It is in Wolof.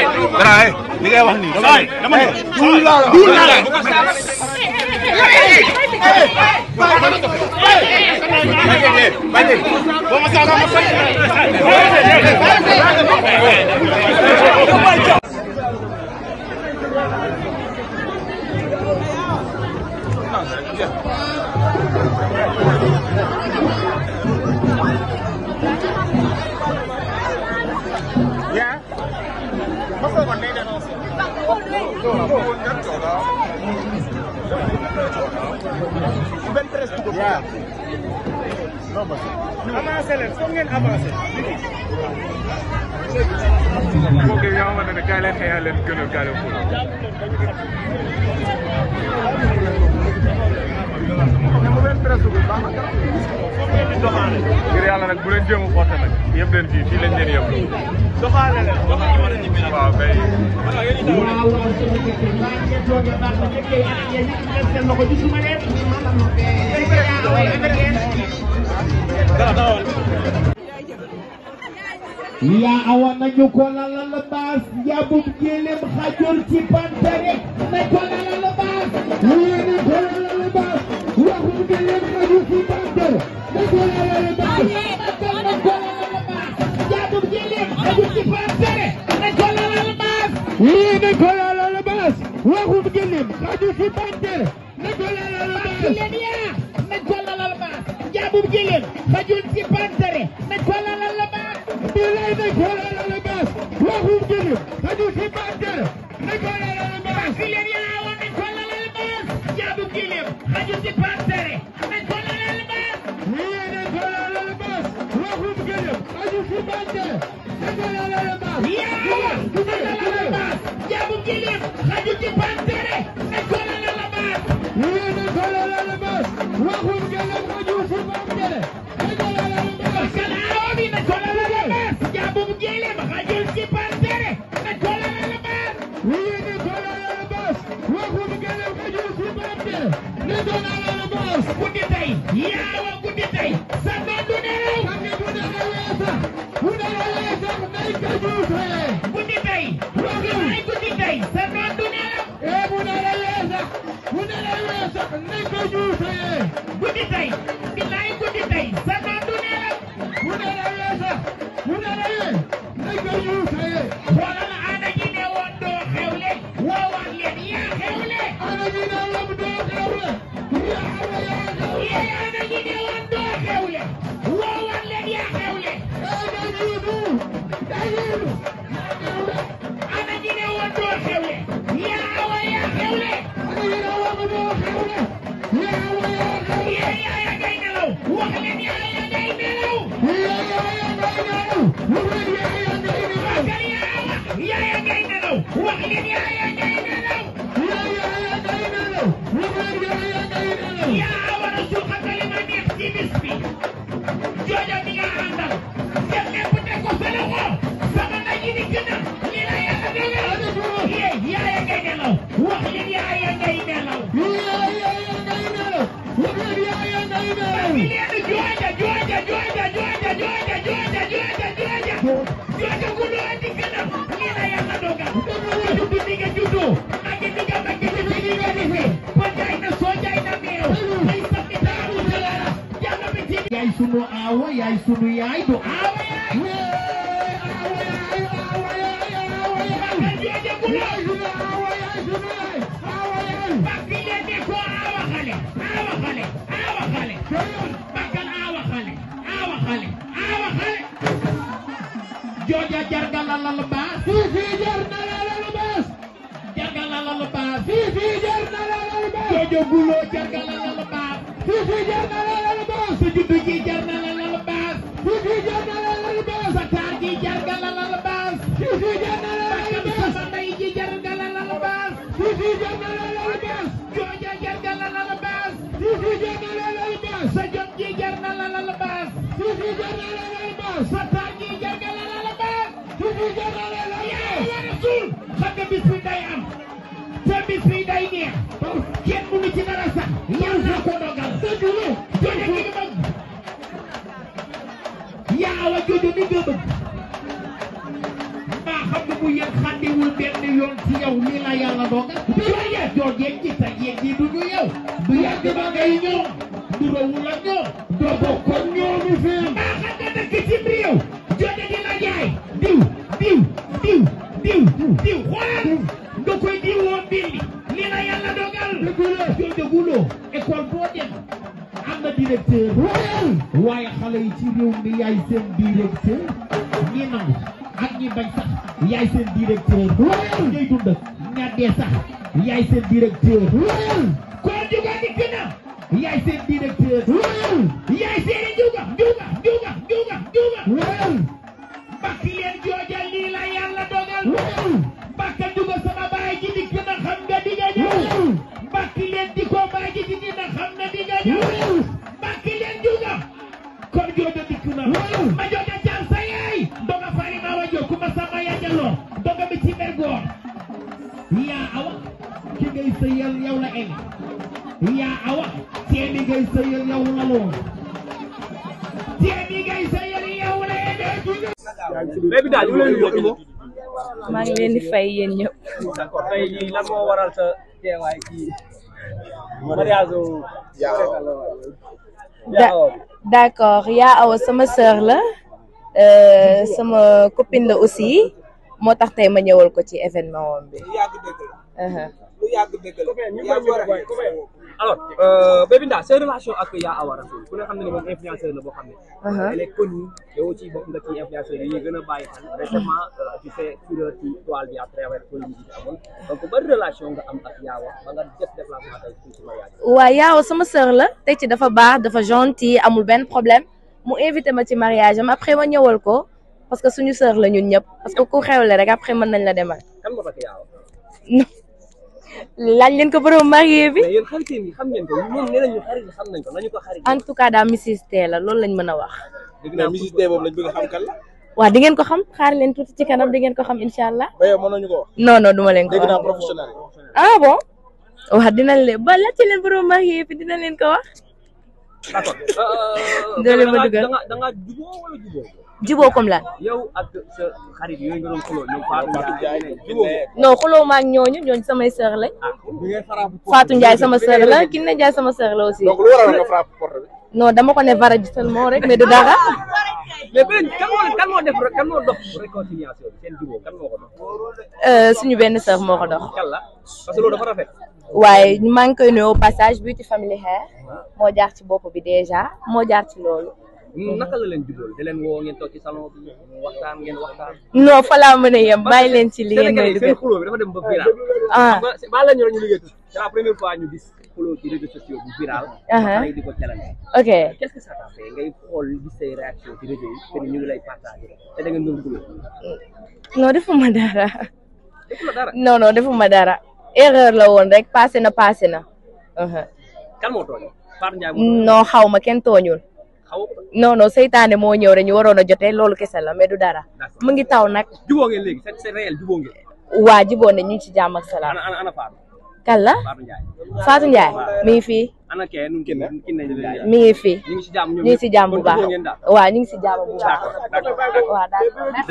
Dara li ngay wax nii. dama ne duul laa la duul laa la. Thank you. 23 dugub la. avancé leen foog ngeen avancé. mbokk yi nga xamante ne kaay leen xëyaat leen gën a kaay leen fóot. ngir yàlla nag bu leen jéem a xottal nag yëpp leen fii fii lañ leen yëpp. doxaale leen doxaale wala ñibbi waaw waaw sëñ bi kii waaw ngeen toogee baax na fekkee yéen ak yéen ñëpp def seen loxo gisuma leen. tey jii yaa away ak yéen. yaa awa nañu ko lalal baas yabum géléem xajul ci pante rek nañ ko lalal baas. yéen a ko lalal baas waxu géléem xajul ci pante nañ ko lalal baas. nañ ko lalal baas yabum géléem xajul ci pante. lii nañ ko laaloo la baas waxum gëlim xaju ci panter nañ ko laaloo la baas leen yaa nañ ko laaloo la baas jaabum gëlim xajul ci pantere nañ ko laaloo la baas bii lay nañ ko laaloo la baas waxum gëlim xaju ci pantere nañ ko laaloo la baas bii leen yaa awoon nañ ko laaloo la baas jaabum gëlim xajul ci pantere nañ ko laaloo la baas lii nañ ko laaloo la baas waxum gëlim xaju ci pantere nañ ko laaloo la baas gilim xaju ci pantere ne kole la la baas ñu ne kole la la baas waxul gëlëm xaju ci pantere ne kole la la baas kan aawo bi ne kole la la baas jabum gilim xajul ci pantere ne kole la la baas ñu ne kole la la baas waxul gëlëm xaju ci pantere ne kole la la baas ku di tey yaawa loolu ana ñu ne woon doo xewle yaa awa yaa xewle ana ñu ne woon doo xewle yaa awa yaa xewle yaa yaa ngay nelaw wax leen yaa yaa ngay nelaw yaa yaa ngay nelaw wax leen yaa yaa ngay nelaw yaa yaa ngay nelaw wax leen yaa yaa ngay nelaw yaay sunu aawa yaay sunu yaay du aawa yaay jooja jargal lu baas fii fii jar na lu baas jargal la la lu baas fii fii jar lu baas suuf yi jar na la albaas sa jom ji jar na la albaas suuf yi jar na la albaas sa taar ji jar na la albaas suuf yi jar na la albaas yaa war a suul xam nga bis bi day am te bis bi day neex kenn mënu ci dara sax yàlla naa ko dogal dëgg la jone ki nga bëgg yaa awa jooju ni nga bëgg maa xam ne bu yéen xàndiwul benn yoon ci yow lii la yàlla dogal jooje jooje ci sa yéen yi du ñu yow tagg ba ngay ñoom durawul ak ñoom doo bokk ak ñoomu seen maa xam nga dëkk ci réew jote di la jaay diw diw diw diw diw xoolal nga koy diwoo bindi li la yàlla dogal joo joguloo école boo dem am na directeur waaye xale yi ci réew mi yaay seen directeur ñi nangu ak ñi bañ sax yaay seen directeur ñay Njuga nit ki na yaay seen directeur yaay seen Njuga Njuga Njuga Njuga Njuga jooja lii la yàlla dogal bakka Njuga sama baay ji dikk xam nga di nga ñëw bakk leen kon jooja dikk ma jooja jaar sa yaay doga fari ma wa jokku ma sama yajaloo doga bi ci yaa awa ki ngay sëyal yow la eng maa ngi leen di fay yéen ñëpp. d'accord d'accord yaa awa sama sœur la euh, sama copine la aussi moo tax tey ma ñëwal ko ci événement uh-huh. woon alors euh, Bébé Nda sa relation ak Yaa Awa Rassoul ku la boo xam ne. Uh-huh. elle est connue yow aussi bokk gën a bàyyi xel récemment euh, tu fais fureur nga am ak Yaawa sama sœur la teg ci dafa baax dafa gentil amul benn problème mu invité ma ci mariage am après ma ñëwal ko parce que suñu sœur la ñun ñëpp parce que ku xewle rek après mën nañ la demal. kan nga laaj leen ko borom marié bi. mais yi xam ngeen xam nañ ko ko xarit. en tout cas daal Mrs T la loolu lañ mën a wax. dégg naa a xam la. waaw di ngeen ko xam xaar leen tuuti ci kanam di ngeen ko xam incha allah. ba yow ko wax. non non duma leen ko wax dégg naa professionnel. ah bon. wax dinañ leen ba laajte leen borom marié bi dinañ leen ko wax. d'accord. Euh, doo leen ma dugal da nga da nga jubóo comme lan. yow ak sa xarit yooyu xuloo ñoom ma ak ñooñu ñooñu samay sœur lañ. Ah, Fatou Ndiaye sama sœur la Kiné Ndiaye sama sœur la aussi. donc dama ko ne varaj seulement rek mais du dara. Euh, suñu benn sœur moo ko dox. waaye maa ngi koy nuyoo passage beauty family hair ah. moo jaar ci bopp bi déjà moo jaar ci loolu. naka la leen juddoo da leen woo ngeen a yem leen ci li ngeen doon liggéey. seen xuloo bi dafa ah. ah ba la ñu liggéey c'est la première fois ñu gis xuloo ci réseaux defuma dara. defuma dara defuma dara. erreur la woon rek passé na passé na. Uh-huh. kan moo xaw ma kenn tooñul. non non seytaane moo ñëw rek ñu waroon a jotee loolu kese la mais du dara. mu ngi taw nag. jubóo ngeen waa jubóo na ñu ngi ci jàmm ak salaam. ana ana Fatou. mi ngi fii. ana nu mi ngi fii. ñu ngi ci jàmm bu baax. waa ñu ngi ci jàmm bu baax.